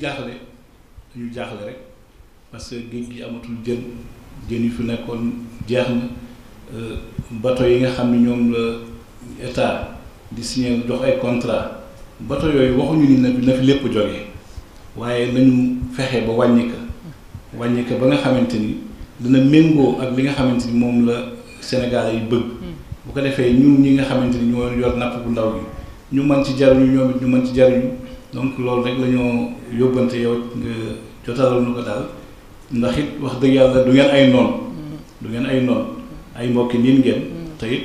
jaaxle dañu jaaxle rek parce que géej gi amatul jën jën yu fi nekkoon jeex na euh, bato yi nga xam ne ñoom la état di signé jox ay contrat bato yooyu waxuñu ni na fi lépp jógee waaye lañu fexe ba wàññi ko ba nga xamante ni dina méngoo ak li nga xamante ni moom la Sénégal yi bëgg hmm. bu ko defee ñun ñi nga xamante ni ñoo yor napp bu ndaw bi ñu mën ci jariñu ñoom it ñu mën ci jariñu donc loolu rek la yóbbante yow nga jotaalal nu ko daal ndax it wax dëgg yàlla du ngeen ay noon mm. du ngeen ay noon mm. ay mbokki niin ngeen mm. te it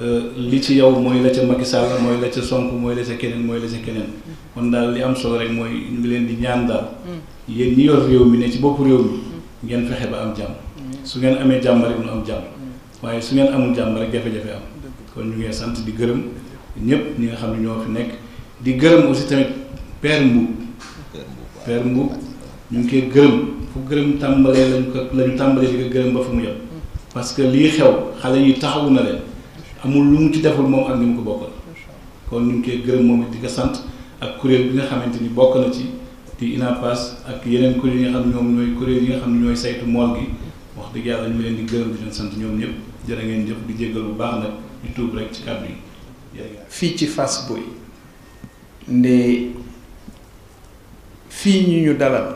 euh, li ci yow mooy la ca Macky Sall mooy la ca mooy la keneen mooy la keneen kon daal li am soo rek mooy ñu leen di ñaan daal yéen ñi yor réew mi ne ci bopp réew mi ngeen fexe ba am jàmm su ngeen amee jàmm rek nu am jàmm waaye su ngeen amul jàmm rek jafe-jafe am kon ñu ngi sant di gërëm ñëpp ñi nga xam ne ñoo fi nekk di gërëm aussi tamit père Mbuub père Mbuub ñu koy gërëm fu gërëm tàmbalee lañ ko lañu tàmbalee di ko gërëm ba fu mu yem parce que lii xew xale yi taxawu na leen amul lu mu ci deful moom ak ni mu ko bokk kon ñu ngi koy gërëm moom it di ko sant ak kuréel bi nga xamante ni bokk na ci di INAPAS ak yeneen kuréel yi nga xam ñoom ñooy kuréel yi nga xam ne ñooy saytu mool gi wax dëgg yàlla ñu leen di gërëm di leen sant ñoom ñëpp jërë ngeen jëf di jéggal bu baax nag ñu tuub rek ci kàddu yi ci Fass Boye fii ñu ñu dalal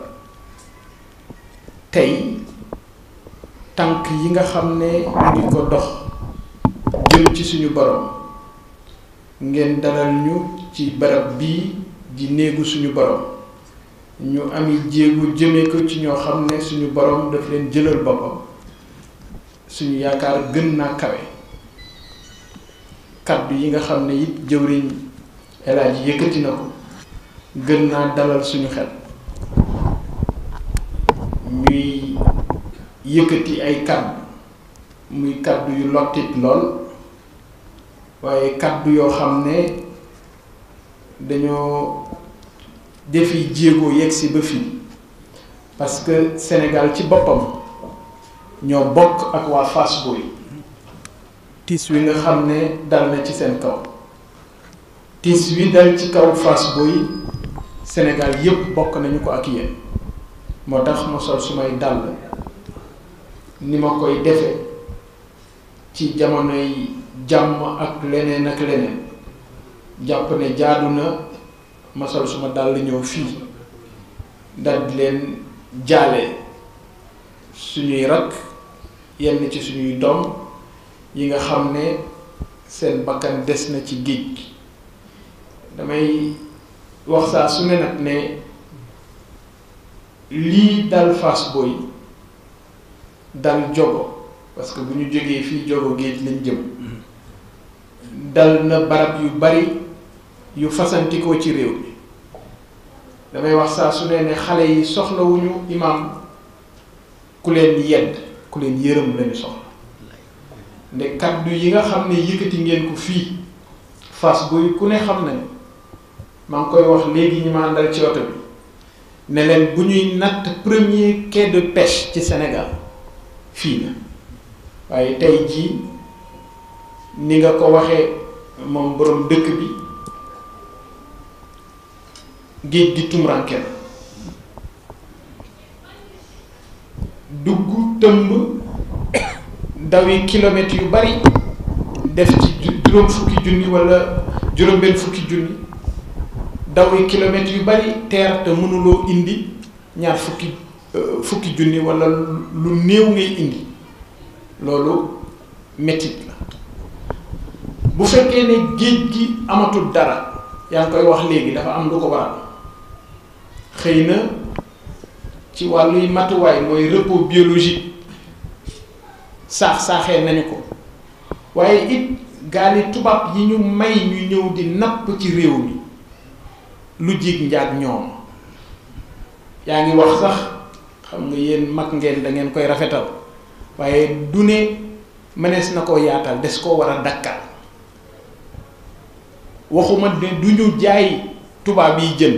tey tànk yi nga xam ne ñu ngi ko dox jëm ci suñu borom ngeen dalal ñu ci barab bii di néegu suñu borom ñu ami jéegu jëme ko ci ñoo xam ne suñu borom daf leen jëlal boppam suñu yaakaar gën naa kawe kàddu yi nga xam ne it jëwriñ El Hadj yëkkati na ko gën naa dalal suñu xel ñuy yëkkati ay kàddu muy kàddu yu lottit lool waaye kàddu yoo xam ne dañoo defi jéego yegg si ba fii parce que Sénégal ci boppam ñoo bokk ak waa Fass Boye tiis wi nga xam ne dal na ci seen kaw tiis wi dal ci kaw Fass Boye Sénégal yépp bokk nañu ko ak yéen moo tax masol sumay dàll ni ma koy defe ci jamonoy jàmm ak leneen ak leneen jàpp ne jaadu na masol suma dàll ñëw fii dal leen jaale suñuy rakk yenn ci suñuy doom yi nga xam ne seen bakkan des na ci géej damay wax saa su ne nag ne lii dal Fass Boy dal jogo parce que bu ñu jógee fii jogo géej lañ jëm dal na barab yu bari yu fasantikoo ci réew mi damay wax saa su ne ne xale yi soxlawuñu imaam ku leen yedd ku leen yërëm lañu soxla nde kaddu yi nga xam ne yëkkati ngeen ko fii fas booy ku ne xam na ne maa ngi koy wax léegi ñi ma àndal ci oto bi ne bu ñuy natt premier quai de pêche ci senegal fii la waaye tey jii ni nga ko waxee moom boroom dëkk bi géej gi tumuranke na dugg tëmb dawi kilomètres yu bari def ci juróom fukki junni wala juróom benn fukki junni dawi kilomètres yu bari teer te mënuloo indi ñaar fukki euh, fukki junni walla lu néew ngay indi loolu metit la bu fekkee ne géej gi amatul dara yaa ngi koy wax léegi dafa am lu ko waral xëy na ci wàlluy matuwaay mooy repos biologique saax-saaxee nañu ko waaye it gaali tubaab yi ñu may ñu ñëw di napp ci réew mi lu jiig njaag ñoom yaa ngi wax sax xam nga yéen mag ngeen da ngeen koy rafetal waaye du ne mënees na ko yaatal des koo war a dakkal waxuma ne du ñu jaay tubaab yi jën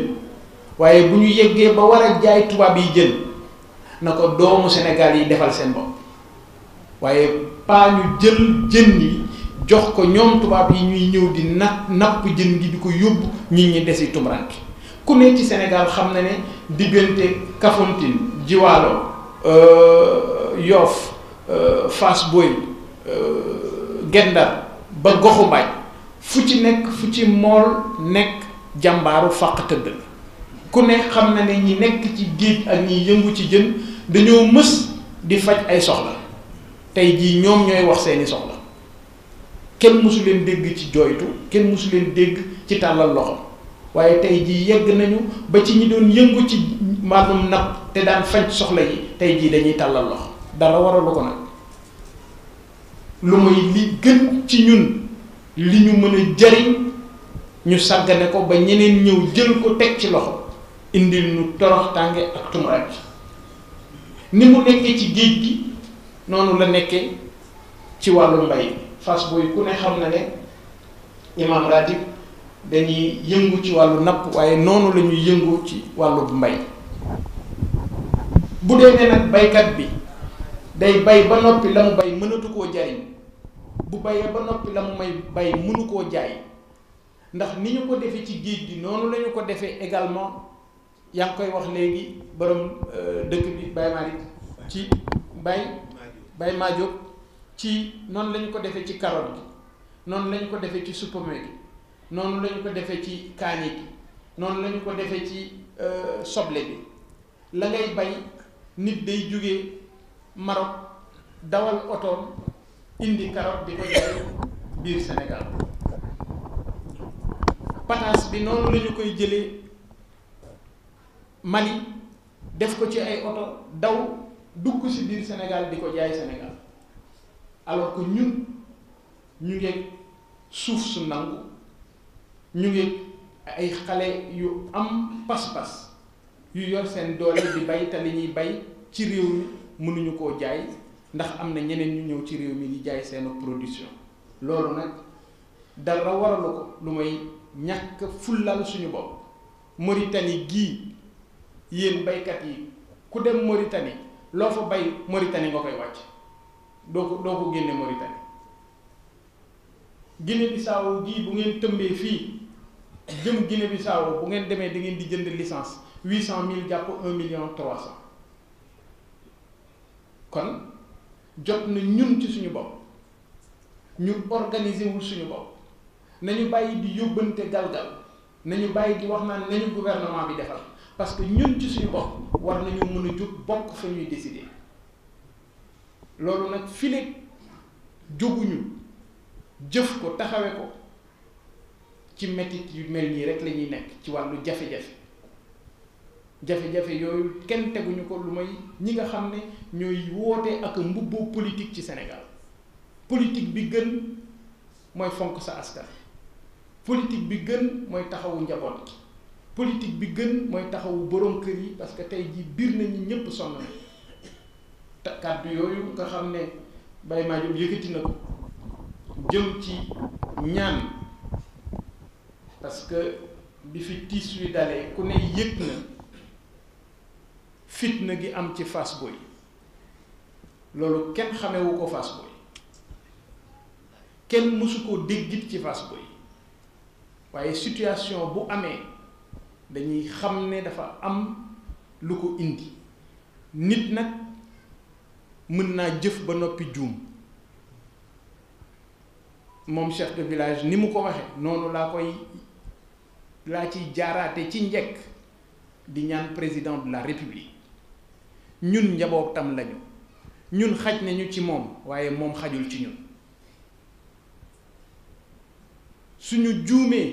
waaye bu ñu yeggee ba war a jaay tubaab yi jën na ko doomu senegal yi defal seen bopp waaye paa ñu jël jën yi jox ko ñoom tubaab yi ñuy ñëw di napp napp jën gi di ko yóbbu ñu ñuy desi tumranke ku ne ci Sénégal xam na ne diggante Kafountine Jiwaalo euh, Yoff euh, Fass Boy euh, Gendar ba goxu mbaaj fu ci nekk fu ci mool nekk jàmbaaru fàq tëdd la ku ne xam na ne ñi nekk ci géej ak ñi yëngu ci jën dañoo mës di faj ay soxla tey jii ñoom ñooy wax seeni soxla kenn mosu leen dégg ci jooytu kenn mosu leen dégg ci tàllal loxo waaye tey jii yegg nañu ba ci ñi doon yëngu ci maanaam napp te daan faj soxla yi tey jii dañuy tàllal loxo dara waralu ko nag lu muy li gën ci ñun li ñu mën a jariñ ñu sàggane ko ba ñeneen ñëw jël ko teg ci loxo indil ñu torox tànge ak tumuraat ni mu nekkee ci géej gi noonu la nekkee ci wàllu mbay fas booy ku ne xam na ne imaam ratib dañuy yëngu ci wàllu napp waaye noonu la ñuy yëngu ci wàllu mbay bu dee ne nag baykat bi day bay ba noppi la mu bay mënatu koo jariñ bu bayee ba noppi la mu may bay mënu koo jaay ndax ni ñu ko defee ci géej gi noonu lañu ko defee également yaa ngi koy wax léegi borom euh, dëkk bi Baye bay Baye ci noonu lañ ko defee ci carotte gi noonu lañ ko defee ci supame gi noonu lañ ko defee ci kaani gi noonu lañ ko defee ci euh, soble bi la ngay bay nit day jóge Maroc dawal otoom indi carotte di ko jaay biir Sénégal pataas bi noonu lañu koy jëlee Mali def ko ci ay oto daw dugg ci biir senegal di ko jaay Sénégal alors que ñun ñu ngeeg suuf su nangu ñu ngeeg ay xale yu am pas-pas yu yor seen doole di bay te li ñuy bay ci réew mi mënuñu koo jaay ndax am na ñeneen ñu ñëw ci réew mi di jaay seen prodution loolu nag dara waralu ko lu may ñàkk fullal suñu bopp Mauritanie gii yéen baykat yi ku dem Mauritanie loo fa bay Mauritanie nga koy wàcc doo ko doo ko génne Mauritanie Guinée Bissau gii bu ngeen tëmbee fii jëm Guinée Bissau bu ngeen demee da ngeen di jënd licence huit cent mille jàpp un million trois cent kon jot na ñun ci suñu bopp ñu organiser wul suñu bopp nañu bàyyi di yóbbante galgal nañu bàyyi di wax naa ne nañu gouvernement bi defal parce que ñun ci suñu bopp war nañu mën a jóg bokk fa ñuy décider loolu nag fileeg jóguñu jëf ko taxawe ko ci metit yu mel nii rek lañuy nekk ci wàllu jafe-jafe jafe-jafe yooyu kenn teguñu ko lu may ñi nga xam ne ñooy woote ak mbubboo politique ci senegal politique bi gën mooy fonk sa askan politique bi gën mooy taxawu njaboot politique bi gën mooy taxawu borom kër yi parce que tey jii biir nañu ñëpp sonn na kàddu yooyu nga xam ne Baye Madiop yëkkati na ko jëm ci ñaan parce que bi fi tiis wi dalee ku ne yëg na fitna gi am ci Fass Boye loolu kenn xamewu ko Fass Boye kenn mësu koo déggit ci Fass Boye waaye situation bu amee dañuy xam ne dafa am lu ko indi nit nag mën naa jëf ba noppi juum moom chef de village ni mu ko waxee noonu laa koy laa ciy jaaraate ci njëkk di ñaan président de la république ñun njabootam lañu ñun xaj nañu ci moom waaye moom xajul ci ñun suñu juumee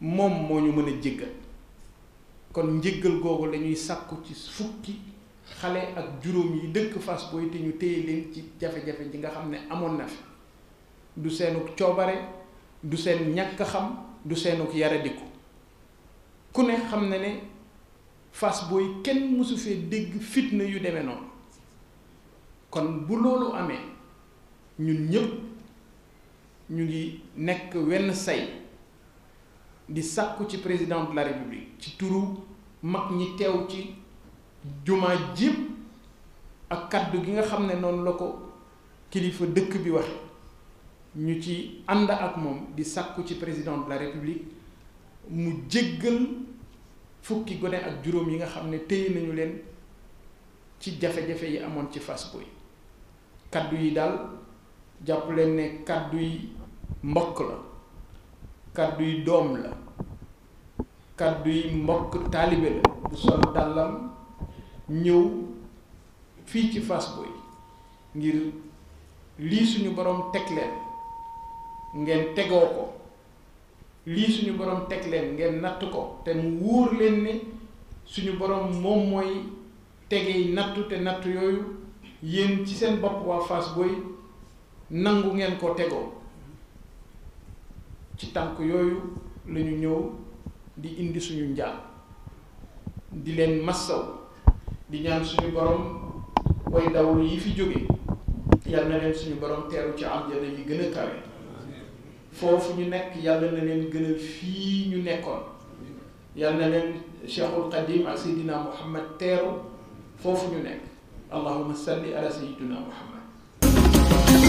moom moo ñu mën a jéggal kon njéggal googu lañuy sàkku ci fukki xale ak juróom yi dëkk Fass Boye te ñu téye leen ci jafe-jafe ji nga xam ne amoon na fi du seenuk coobare du seen ñàkk xam du seenuk yaradiku ku ne xam ne ne fas booy kenn mësu fee dégg fitna yu demee noonu kon bu loolu amee ñun ñëpp ñu ngi nekk wenn say di sàkku ci président de la république ci turu mag ñi teew ci juma jépp ak kàddu gi nga xam ne noonu la ko kilifa dëkk bi wax ñu ci ànd ak moom di sàkku ci président de la république mu jëggal fukki gone ak juróom yi nga xam ne téye nañu leen ci jafe-jafe yi amoon ci Fass Boye kaddu yi daal jàpp leen ne kaddu yi mbokk la kaddu yi doom la kaddu yi mbokk taalibe la bu sol dàllam ñëw fii ci Fass Boye ngir lii suñu borom teg leen ngeen tegoo ko lii suñu borom teg leen ngeen natt ko te mu wóor leen ne suñu boroom moom mooy tegey nattu te nattu yooyu yéen ci seen bopp waa Fass Boye nangu ngeen ko tegoo ci tànk yooyu lañu ñëw di indi suñu njaal di leen massaw di ñaan suñu borom way dawlu yi fi jóge yal na leen suñu borom teeru ci àjjana yi gën a kawe foofu ñu nekk yàlla na leen gën a fii ñu nekkoon yal na leen cheikhul qadim ak seydina muhammad teeru foofu ñu nekk allahuma salli ala sayiduna muhammad